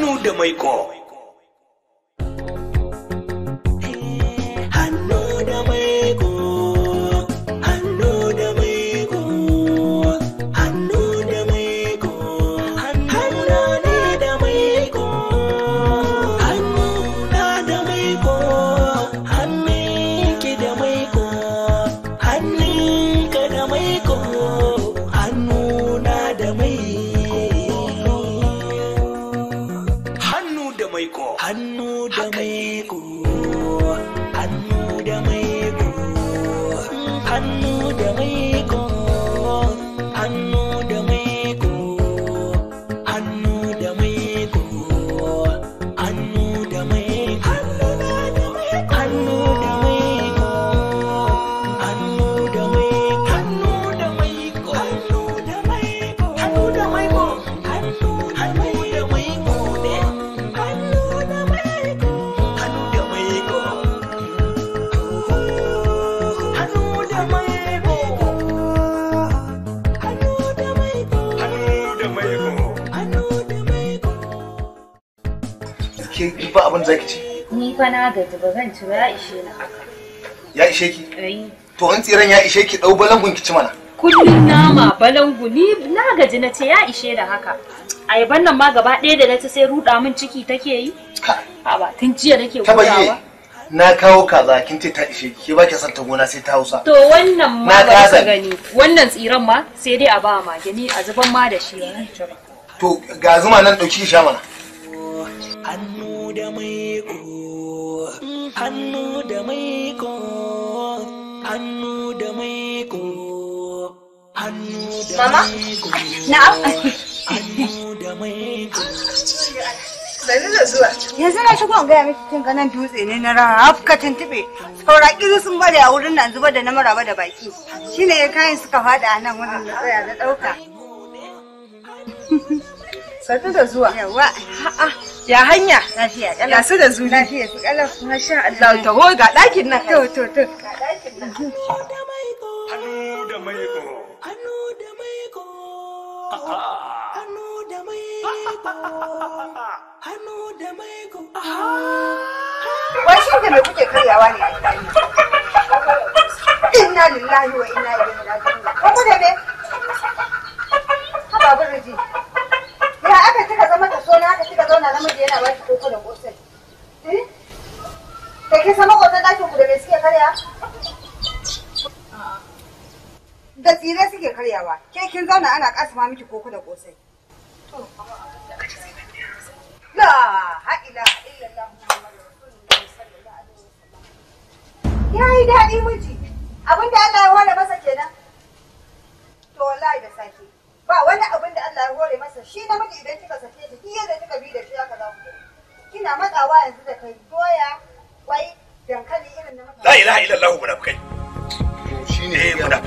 nu damay ko na gaji ba zan ci ba ya ishe na Ya ishe ki? Eh. To in tsiran ya ishe ki dau balangun ki ci mana. Kullum nama balangu ni na gaji na ce ya ishe da haka. Ayaban nan ma gaba ɗaya da na sai ruɗa min ciki take yi. Ha ba tun jiya nake ba. na kawo kaza kin ce ta ishe ki ba ki san ta gona sai ta Hausa to wannan ma ba ka gani wannan tsiran ma sai dai a ba ma gani a zuban ma da shi to ga zuma nan dauki sha mana hannu da maiko hannu da maiko hannu da maiko hannu da maiko na'am hannu da maiko Sani zuwa. Yanzu na shigo gaya miki kin ganin dutse ne na rahaf ka tuntube. Saura kiri sun bari a wurin nan zuba da na maraba da baki. Shine kayan suka fada nan wannan tsaya da dauka. Sannu da zuwa. Yawa. Ya hanya. Lafiya Ya su da zuri. Lafiya su Masha Allah. ga ɗakin nan. To to to. Ga ɗakin nan. Hannu da Hannu da Hannu da Hannu da da kuke karyawa ne a Inna lillahi wa inna ilaihi raji'un. Kuma da me? Haba burji. aka cika zama ka so na haka kika zauna namiji yana baki koko da kosai. Da eh? ke sama kwatan ɗakin ku da me suke karya? Da tsire suke karyawa. Ke kin zauna ana kasama miki koko da kosai. La ha'ila illallah Muhammadu Rasulullahi sallallahu alaihi wasallam. Ya yi daɗi miji. Abin Allah ya ware masa kenan. To wallahi da sake. ta hore masa shi namiji idan kika sake shi duk yadda kika bi da shi za kina matsawa yanzu da kai doya kwai dankali irin na mutane la ilaha illallah shine eh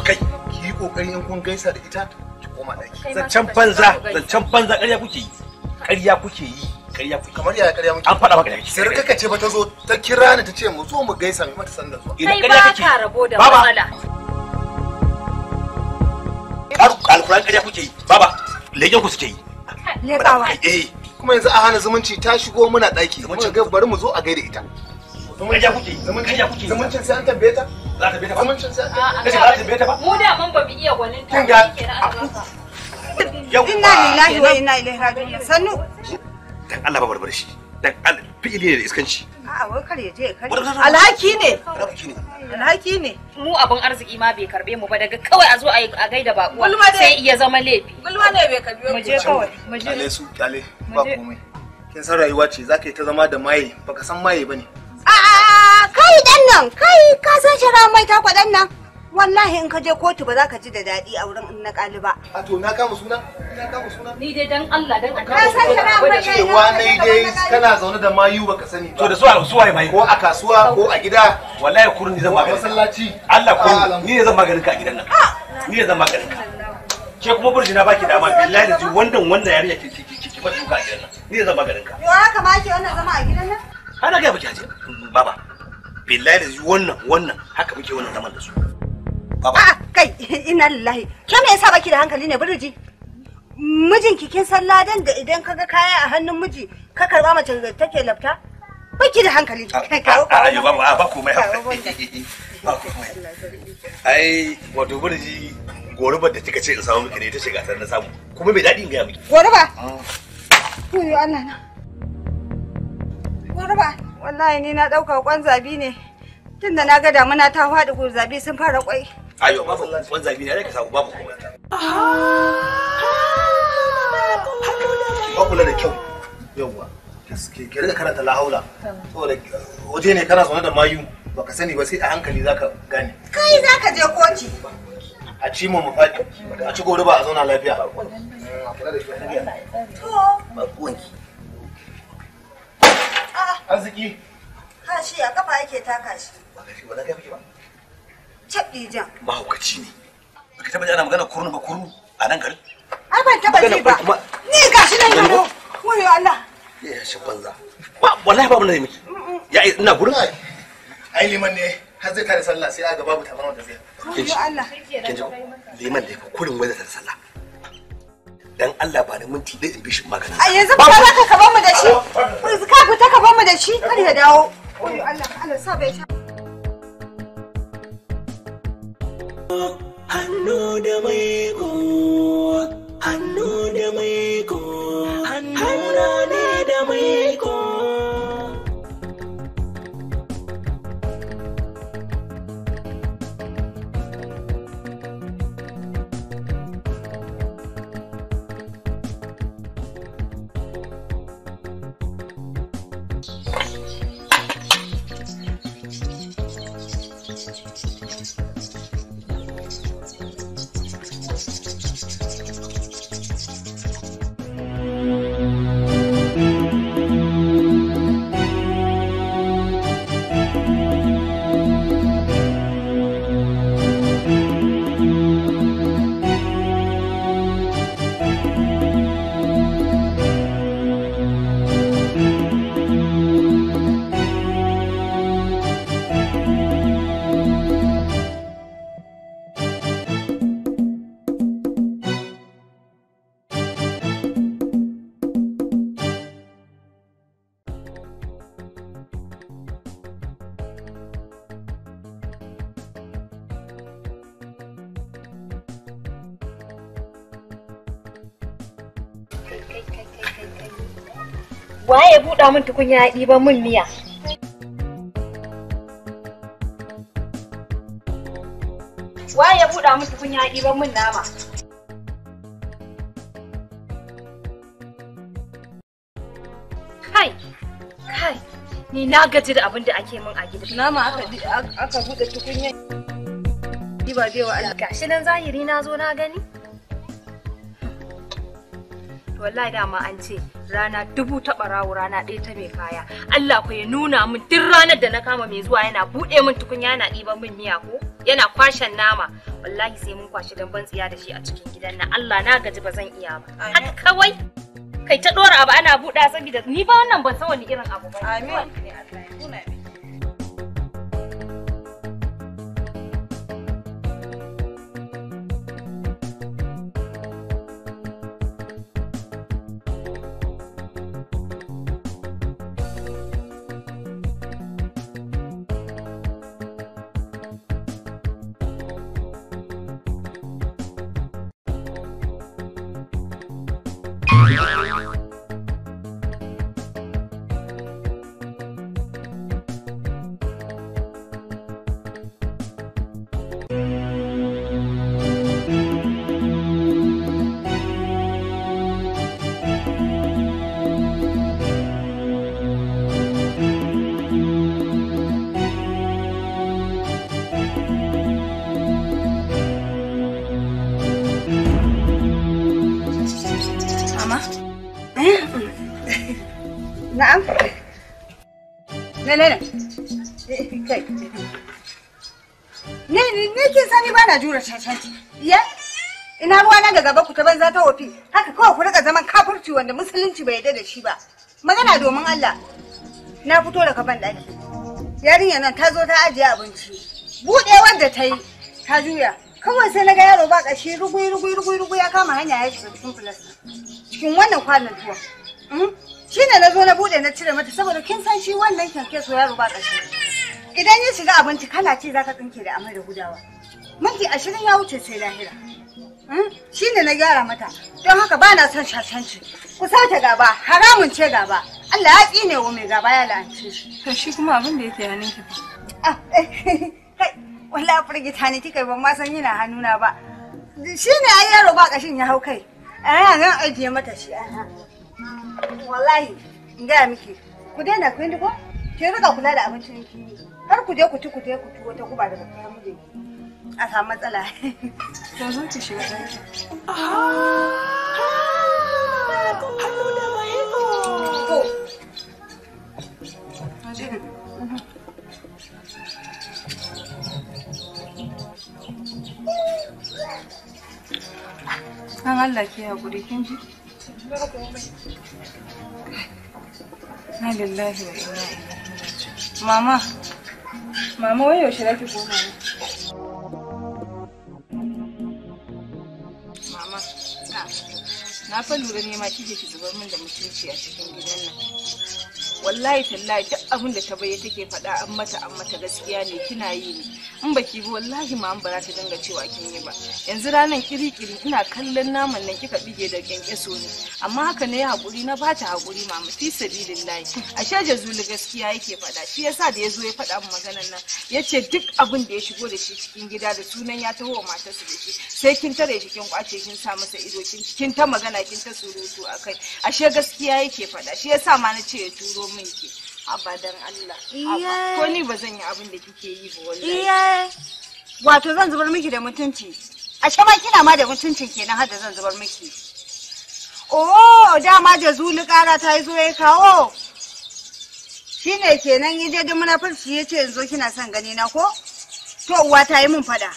ki yi kokari in kun gaisa da ita ki koma daki zancen banza zancen banza ƙarya kuke yi ƙarya kuke yi ƙarya kuke kamar yaya ƙarya muke an faɗa maka ne sai kaka ce ba ta zo ta kira ni ta ce mu zo mu gaisa mai mata sanda zuwa idan ƙarya kake kai ba rabo da ƙarya kuke yi baba lege ku suke yi leƙawa eh kuma yanzu a hana zumunci ta shigo muna ɗaki zumunci ga bari mu zo a gaida ita zumunci kuke zumunci zumunci sai an tambaye ta za ta beta ba zumuncin sai an tambaye ta ba mu da mun ba mu iya gwanin ta ke na inna lillahi wa inna ilaihi raji'un sannu dan Allah ba barbar shi dan adam ne da iskanci a'a wai kar ya je ya kare alhaki ne alhaki ne mu abin arziki ma bai karbe mu ba daga kawai a zo a gaida bakuwa sai iya zama laifi gulma ne bai karbe mu je kawai mu je kale su kale ba komai kin san rayuwa ce za ka yi ta zama da maye baka san maye ba ne. a'a kai dan nan kai ka san shara mai ta kwadan nan wallahi in ka je kotu ba za ka ji da daɗi a wurin na ƙali ba. A to na kama suna? Na kama suna? Ni dai dan Allah dan Allah. Ka san shi ba ne. Cewa nai dai kana zaune da mayu baka sani ba. To da su a su waye mayu. Ko a kasuwa ko a gida. Wallahi kurun ni zan maganin. Masallaci. Allah kurun ah, ni ne zan maganin ka a gidan nan. Ah! Ni ne zan maganin ka. Ke kuma na baki dama billahi da ji wannan wannan yarinya ke ke ke ke ba duka a gidan nan. Ni ne zan maganin ka. Yo haka ma ke wannan zama a gidan nan? Ana ga baki haje. Baba. Billahi da ji wannan wannan haka muke wannan zaman da su. A'a kai ina lillahi. Ke me yasa baki da hankali ne biriji? Mijinki kin san ladan da idan kaga kaya a hannun miji ka karba mace da take lafta? Baki da hankali. A'a yo ba ba komai. Ba komai. Ai wato biriji Goruba da kika ce in samu miki ne ta shiga sannan samu. Kuma bai daɗi in gaya miki. Goruba? Mm. Yo Allah na. Goruba wallahi ni na ɗauka kwan zabi ne. Tunda na ga damuna ta faɗi gurzabi sun fara kwai. ayo babu wani zabi ne ka samu babu kuma ba kula da kyau yawwa ke rika karanta lahaula saboda waje ne kana zaune da mayu baka sani ba sai a hankali zaka gane kai zaka je koci a ci mu mafaki a ci gobe ba a zauna lafiya ah. arziki ha shi a kafa yake taka shi ba ka shi ba na kai ba Caɗija. Mahaukaci ne. Baka taɓa ana magana kurnu ba kurnu a nan garin? Ai ban taɓa ji ba. Ni gashi nan gano. Wayo Allah. Ya shi banza. Wallahi babu na miki. Ya ina gurin. Ai liman ne har zai tare sallah sai a ga babu tabarau da zai. Wayo Allah. Kin ji liman da ya kurin wai da tare sallah. Dan Allah ba da minti ɗaya in shi magana. A yanzu ba za ka kaba mu da shi. Ka fita ka ba da shi. Kar ya dawo. Wayo Allah. Allah sa bai sha. hannu da mai hannu da mai faɗa min tukun ya yi ba min miya. Waye ya buɗa min tukun ya yi ba min nama. Kai, kai, ni na gaji da abin da ake min a gida. Nama aka buɗe tukunya. Ni ba bewa Allah. Gashi nan zahiri na zo na gani. to wallahi dama an ce rana dubu ta barawo rana ɗaya ta mai kaya Allah ku ya nuna min duk ranar da na kama mai zuwa yana buɗe min tukunya yana ɗiban min miya ko yana kwashen nama wallahi sai mun kwashi dan ban tsiya da shi a cikin gidan nan Allah na gaji ba zan iya ba haka kawai kai ta ɗora abu ana buɗa saboda ni ba wannan ban san wani irin abu ba amin Yeah. ne ne ne kin sani ba na jura cancanci. ya ina ruwa na ga gaba ku ta banza ta wofi haka kawai ku rika zaman kafirci wanda musulunci bai yarda da shi ba magana domin Allah na fito daga ban dani yarinya nan ta zo ta ajiye abinci bude wanda ta yi ta juya kawai sai na ga yaro ba kashi rugui rugui rugui rugui ya kama hanya ya shiga cikin filasta cikin wannan kwanan tuwa hmm? ne na zo na bude na cire mata saboda kin san shi wannan kyanke so yaro ba kashi Idan ya shiga abinci kana ce za ka tsinke da amai da gudawa. Minti ashirin ya wuce sai lahira. Hmm? Shi ne na gyara mata, don haka ba na son shashanci. sauta gaba, haramun ce gaba. Allah ya ne wa mai gaba ya la'ance shi. To shi kuma abin da yake hannun ki fa. Ah, eh, wallahi firgita ne kika ban ma san yana hannuna ba. Shi ne ai yaro ba kashin ya hau kai. Eh, A nan ajiye mata shi ana. Wallahi, in gaya miki, ku daina ku yi ko? Ki rika kula da abincin ki. Kar ku je ku ci ku je ku ci wata guba daga kai mijin. A samu matsala. To zo ki shiga ɗaki. Ah! da An Allah ke kin ji? Na lillahi wa Mama, Mama wai yaushe zaki koma ne? Mama, na fa lura ne ma kike ki zubar min da mutunci a cikin gidan nan. wallahi tallahi duk abin da ta bai take faɗa an mata an mata gaskiya ne kina yi ne in baki bi wallahi ma ba za ta dinga cewa kin yi ba yanzu ranan kirikiri ina kallon naman nan kika bige da kyankyaso ne amma haka ne hakuri na bata hakuri ma mu fi sabilillahi ashe jazuli gaskiya yake faɗa shi yasa da ya zo ya faɗa mu maganar nan yace duk abin da ya shigo da shi cikin gida da sunan ya taho wa matarsa da shi sai kin tare shi kin kwace kin sa masa ido kin ta magana kin ta surutu akai ashe gaskiya yake faɗa shi yasa ma na ce ya turo min ke abadan Allah ko ni ba zan yi abin da kike yi ba wallahi wato zan zubar miki da mutunci ashe ma kina ma da mutuncin kenan har da zan zubar miki oh dama da zuli kara ta yi zo ya kawo shine kenan yi daidai munafurci ya ce yanzu kina son gani na ko to uwa ta yi min fada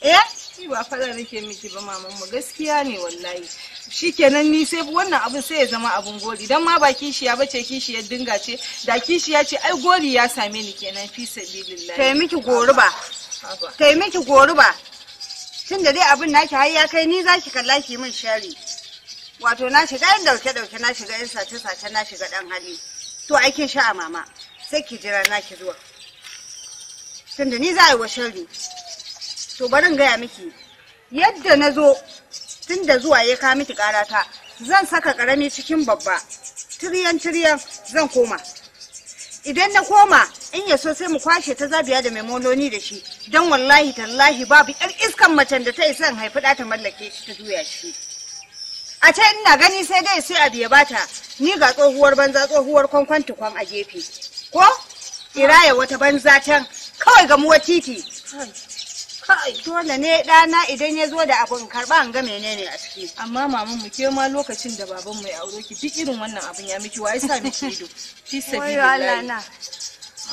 eh ba fada nake miki ba mamanmu gaskiya ne wallahi shikenan ni sai wannan abin sai ya zama abin gori don ma ba kishiya ba ce kishiyar dinga ce da kishiya ce ai gori ya same ni kenan fi sabilillah kai miki gori ba kai miki gori ba tun da dai abin naki har ya kai ni zaki kalla ki min shari wato na shiga yan dauke dauke na shiga yan sace sace na shiga dan hali to ake sha a mama sai ki jira na ki zuwa tun da ni za a yi wa shari to barin gaya miki yadda na zo tun da zuwa ya kawo miki karata zan saka karami cikin babba tiriyan tiriyan zan koma idan na koma in ya so sai mu kwashe ta zabiya da mai mononi da shi don wallahi tallahi babu yar iskan macen da ta isa in haifi ta mallake shi ta juya shi a ta ina gani sai dai sai abu ya bata ni ga tsohuwar banza tsohuwar kwankwan tukwan a gefe ko iraya wata banza can kawai ga muwa titi dole ne ɗana idan ya zo da abun karɓa an ga menene a ciki amma mamanmu mu ke ma lokacin da baban ya aure ki duk irin wannan abun ya miki wai sa miki ido fi na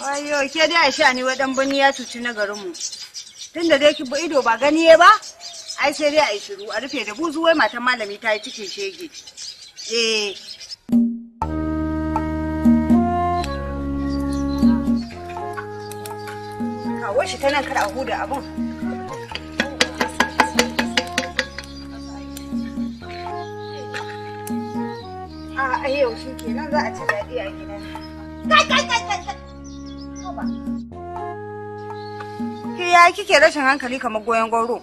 wayo ke dai sha ni wadan bani ya cuci na garin mu tunda dai ki ido ba gani ya ba ai sai dai yi shiru a rufe da buzu wai matan malami ta yi cikin shege eh kawo shi ta nan kar a huda abun aka yi kike rashin hankali kamar goyon goro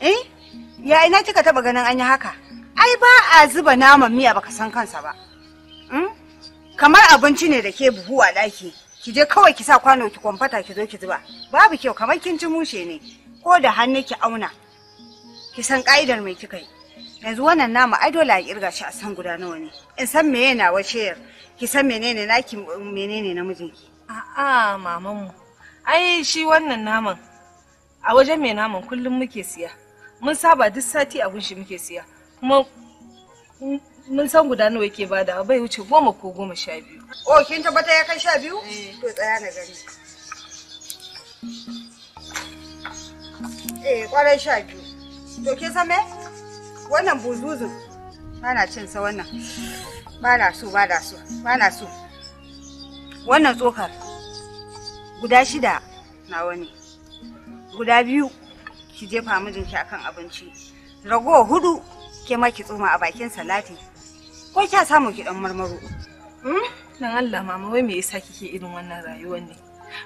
eh ya ina kika taba ganin an yi haka ai ba a zuba naman miya baka san kansa ba hmm? kamar abinci ne da ke buhu a ɗaki ki je kawai ki sa kwano ki kwamfata ki zo ki zuba babu kyau kamar kin ci mushe ne ko da hannu ki auna ki san ka'idar mai kika yi yanzu wannan namu ai dole a kirga shi a san guda nawa ne in san meye na yar, ki san menene naki menene na mijinki a'a maman mu ai shi wannan naman a wajen mai naman kullum muke siya mun saba duk sati a gunshi muke siya kuma mun san guda nawa yake bada bai wuce goma ko goma sha biyu oh kin tabbata ya kai sha biyu eh. to tsaya na gani eh kwarai sha biyu to kin san me wannan buzuzun ba na cin sa wannan ba na so ba na so ba na so wannan tsokar guda shida na wani guda biyu ki jefa mijinki akan abinci rago hudu ke ma ki tsoma a bakin salati ko kya samu ki dan marmaro hmm? dan Allah mama wai me yasa kike irin wannan rayuwar ne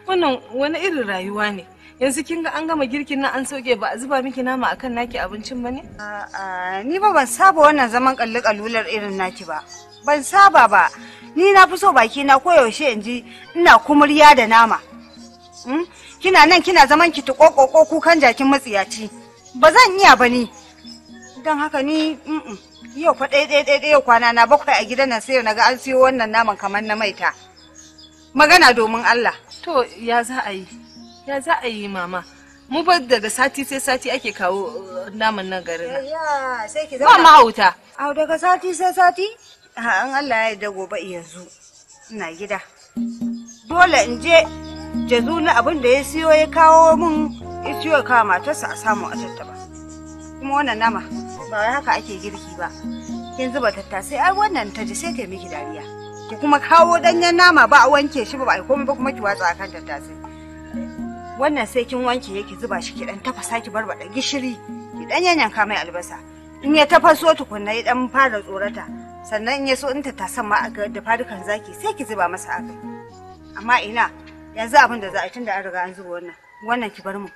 wannan wani irin rayuwa ne yanzu kin ga an gama girkin nan an soke ba a zuba miki nama akan naki abincin ba ne? A'a ni ba ban saba wannan zaman kalli kalular irin naki ba. Ban saba ba. Ni na fi so baki na koyaushe in ji ina kumurya da nama. Hmm? Kina nan kina zaman ki tuƙoƙoƙo kukan jakin matsiyaci. Ba zan iya ba ni. Don haka ni yau fa ɗaya ɗaya ɗaya kwana na bakwai a gidan nan sai na ga an siyo wannan naman kamar na maita. Magana domin Allah. To ya za a yi? Ya za a yi mama. Mu ba daga sati sai sati ake kawo uh, naman nan garin. Ya sai ki zama. Ba mahauta. Au daga sati sai sati? Ha an Allah ya yarda gobe yanzu. Ina gida. Dole in je jazu na abin da ya siyo ya kawo mun ya ciwo kawo matarsa a samu a tattaba. Kuma wannan nama ba haka ake girki ba. Kin zuba tattasai ai wannan ta ji sai ta miki dariya. Ki kuma kawo danyen nama ba a wanke shi ba ba komai ba kuma ki watsa akan tattasai. wannan sai kin wanke yake zuba shi ki dan tafasa ki barbada gishiri ki dan yanyanka mai albasa in ya tafaso tukunna ya dan fara tsorata sannan in ya so in ta tasan ma a da fadukan zaki sai ki zuba masa abin. amma ina yanzu abin da za a tunda an riga an zuba wannan wannan ki bar mu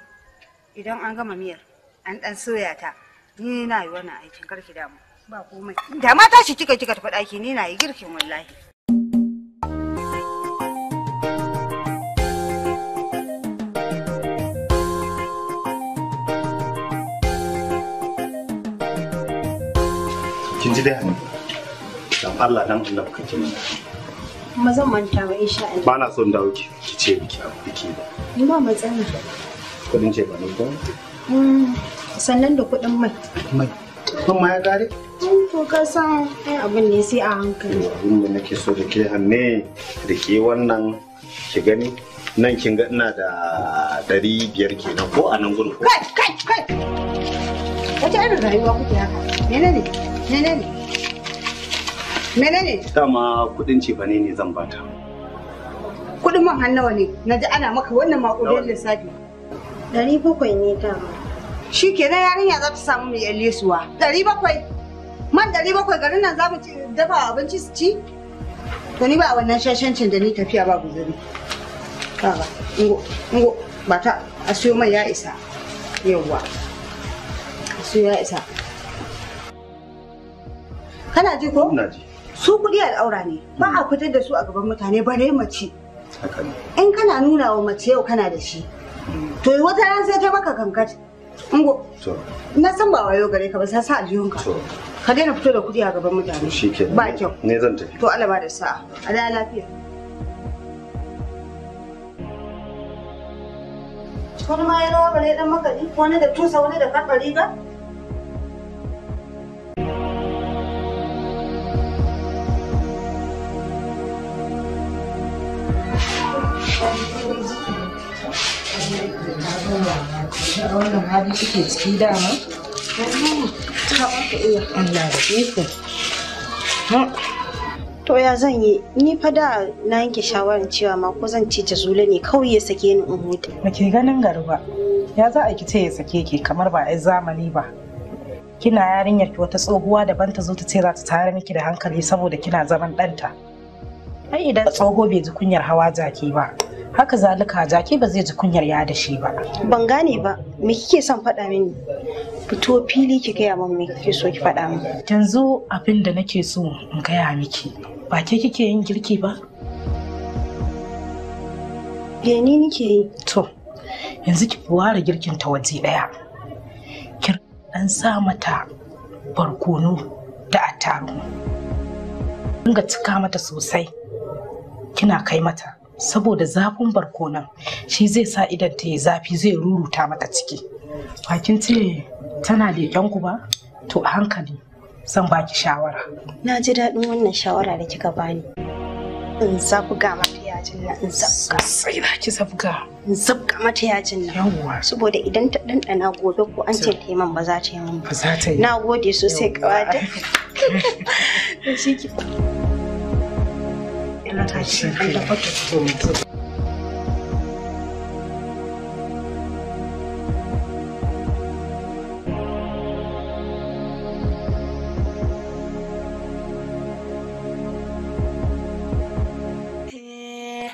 idan an gama miyar an dan soya ta ni na yi wannan aikin karki damu ba komai da mata shi kika kika tafi daki ni na yi girkin wallahi kin ji dai hannu dan Allah dan Allah ka kin kuma zan manta ba insha Allah ba na son dawo ki ki ce ki abu kike da ni ba matsala kudin ce ba ne ko mm, sannan da kudin mai mai kun ma ya gare mm, to ka san ai abin ne sai a hankali abin da nake so da ke hanne da ke wannan ki gani nan kin ga ina da ɗari biyar kenan ko a nan gudu kai kai kai wata irin rayuwa kuke haka menene ne Menene? Menene? Dama kudin cefane ne zan bata. Kudin man hannawa ne, na ji ana maka wannan maƙudin lissafi. Ɗari bakwai ne dama. Shi kenan yarinya za ta samu mai yan lesuwa. Ɗari bakwai. Man ɗari bakwai garin nan za mu dafa abinci su ci? To ni ba wannan shashancin da ni tafiya ba guzuri. Baba, ingo, ingo, bata, a siyo mai ya isa. Yawwa. A siyo ya isa. kana ji ko ina ji su kuɗi al'aura ne ba a fitar da su a gaban mutane ba ne mace in kana nuna wa mace yau kana da shi to wata ran sai ta maka kankat ingo na san ba wayo gare ka ba sai sa aljihunka ka daina fito da kuɗi a gaban mutane ba kyau ne zan tafi to Allah ba da sa'a a da lafiya wani ma ya rawa bale dan makari wani da tusa wani da karɓari ba. wannan hali kike ciki da to ya zan yi ni fa da na yanke shawarar cewa ma ko zan ci jazula ne kawai ya sake ni in huta ba ke ganin garba ya za a ki ce ya sake ki kamar ba ai zamani ba kina yarinyar ki wata tsohuwa daban ta zo ta ce za ta tare miki da hankali saboda kina zaman ɗanta ai idan tsoho bai ji kunyar hawa jaki ba haka zalika jaki ba zai ji kunyar ya da shi ba ban gane ba me kike son faɗa mini fito fili ki gaya min me kike so ki faɗa min yanzu abin da nake so in gaya miki ba ke kike yin girki ba ni nike yi to yanzu ki ware girkin ta waje ɗaya, ki sa mata barkono da attarugu dinga cika mata sosai kina kai mata saboda zafin barkonan, shi zai sa idan ta yi zafi zai ruruta mata ciki bakin ce tana leƙen ku ba to a hankali zan baki shawara na ji daɗin wannan shawara da kika bani in zabga mata yajin nan in zabga sai na ki zabga in zabga mata yajin nan yawwa saboda idan ta ɗanɗana gobe ko an ce ta yi man ba za ta yi man ba za ta yi na gode sosai kawai da shi ki Implantation einer Produktion.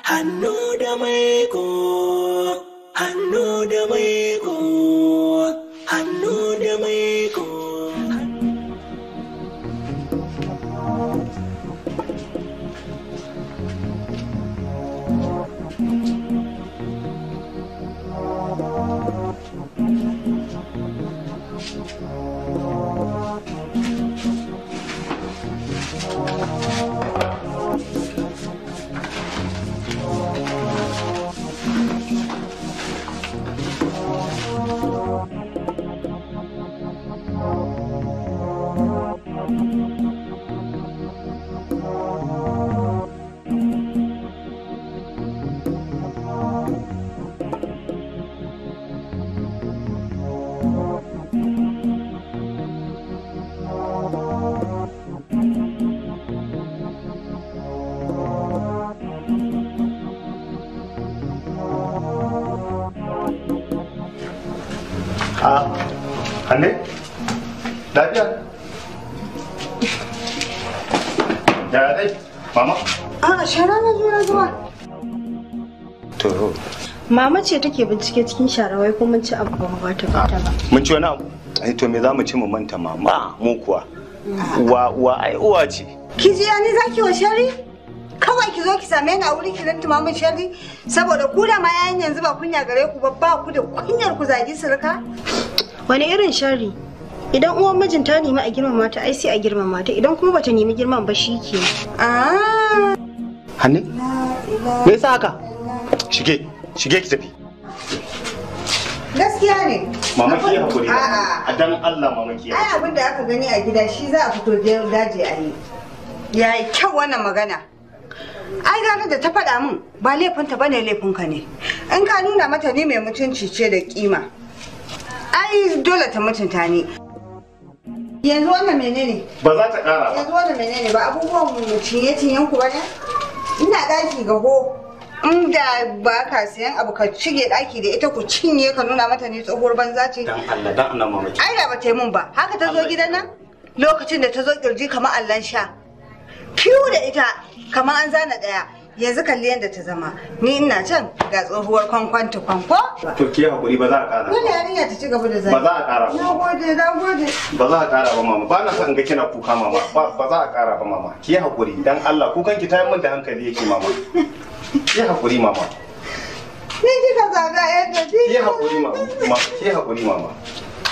Hanu damai a lafiya ya dai mama a shara na zo zuwa to mama ce take bincike cikin shara wai ko mun ci abu ba ba ta fata ba mun ci wani abu ai to me za mu ci mu manta mama mu kuwa Wa wa ai uwa ce ki ji ni zaki wa shari ki zo ki same ni a wuri ki lantuma min sharri saboda ku da ma yayin yanzu ba kunya gare ku ba ba ku da kunyar ku zagi sirka wani irin shari idan uwan mijin ta nemi a girmama ta ai sai a girmama ta idan kuma bata nemi girman ba shi ke ah. hannu me yasa haka shige shige ki tafi gaskiya ne mamaki ya hakuri a dan Allah mamaki ya ai abin da aka gani a gida shi za a fito daji a yi yayi kyau wannan magana ai ranar da ta faɗa min ba laifinta bane laifinka ne in ka nuna mata ni mai mutunci ce da kima ai dole ta mutunta ni yanzu wannan menene ba za ta ƙara yanzu wannan menene ba abubuwan mu cinye cinyen ku bane ina daki ga ho inda ba ka sayan abu ka cige daki da ita ku cinye ka nuna mata ni tsohuwar banza ce dan Allah dan Allah mamaki ai da ba ta yi mun ba haka ta zo gidan nan lokacin da ta zo kirji kamar Allah sha kiwo da ita kamar an zana daya yanzu kalli yadda ta zama ni ina can ga tsohuwar kwankwan kwanko to ki hakuri ba za a kara dole yarinya ta ci gaba da zai ba za a kara ba nagode nagode ba za a kara ba mama ba na san ga kina kuka mama ba za a kara ba mama ki hakuri dan Allah kukan ki ta yi min da hankali yake mama ki hakuri mama ni kika zaga yadda ki hakuri mama ki hakuri mama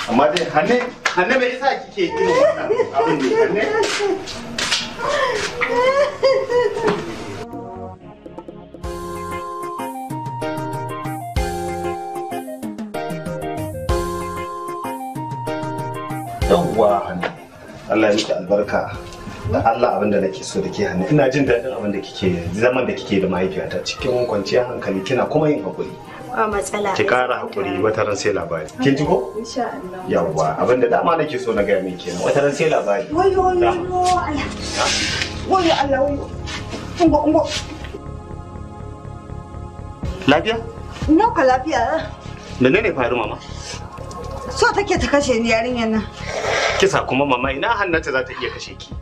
amma dai hanne hanne me yasa kike irin wannan abin ne hanne yawwa Allah ya miki albarka da Allah abin da nake so da ke hannu ina jin daɗin abin da kike zaman da kike da mahaifiyata cikin kwanciyar hankali kina kuma yin hakuri matsala ki kara hakuri wata ran sai labari kin ji ko insha Allah yawa abinda dama nake so na ga min kenan wata ran sai labari wayo wayo Allah wayo Allah wayo ungo ungo lafiya ina ka lafiya da ne ne faru mama so take ta kashe ni yarinyar nan kisa kuma mama ina hannata za ta iya kashe ki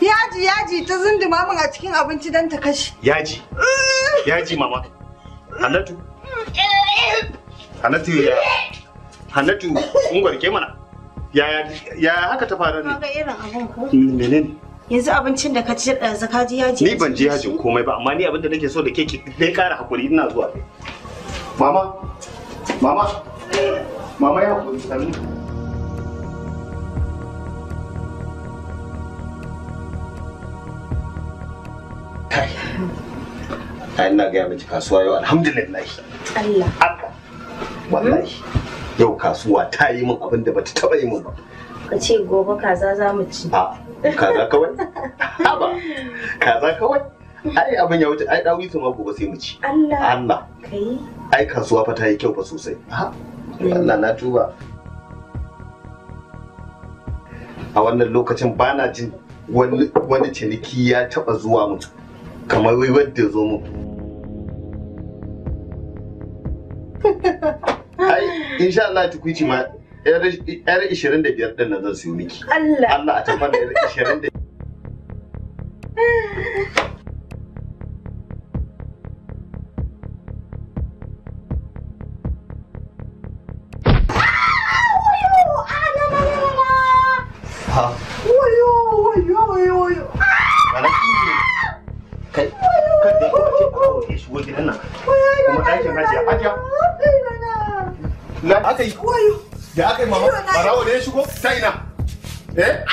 Yaji yaji ta zunduma min a cikin abinci don ta kashe. Yaji. Uh. Yaji mama. Hannatu. hanatu ya Hannatu ungwar ke mana ya ya haka ta faru ne? Kaga irin abun ko? Menene? Yanzu abincin da ka ci eh, da zaka ji yaji. Ni ban ji hajin komai ba amma ni abin da nake so da keke dai kara hakuri ina zuwa. Mama Mama Mama ya hakuri sami. Kai. Ai ina ga miki kasuwa yau alhamdulillah. Allah wallahi yau kasuwa ta yi min abin da bata taba yi min ba ka ce gobe kaza za mu ci a kaza kawai haba kaza kawai ai abin ya wuce ai dawi su ma gobe sai mu ci Allah Allah kai ai kasuwa fa ta yi kyau fa sosai ha mm. Allah na tuba a wannan lokacin bana jin wani ciniki ya taba zuwa mutu kamar wai wadda zo mu ai insha Allah tukuici ma yar 25 din nan zan siyo miki Allah Allah a tabbata yar 25 Eh?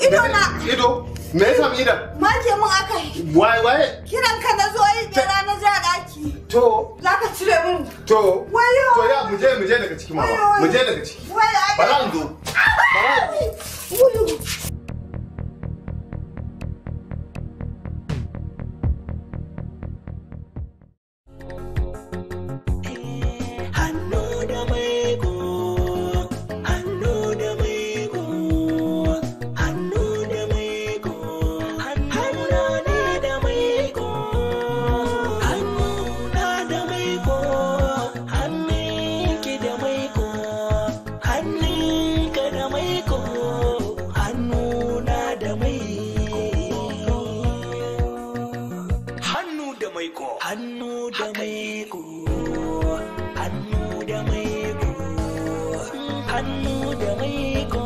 Ido na. Ido? Me yasa mu idan? Make mun aka yi. Wai wai. Kiran ka na zo yi bera na ja daki. To. Za ka cire mun. To. Wayo. To ya mu je mu je daga ciki mama. Mu je daga ciki. Wai. Bara ndo. Bara. Wuyu. hannu da mai ko hannu da mai ko hannu da mai ko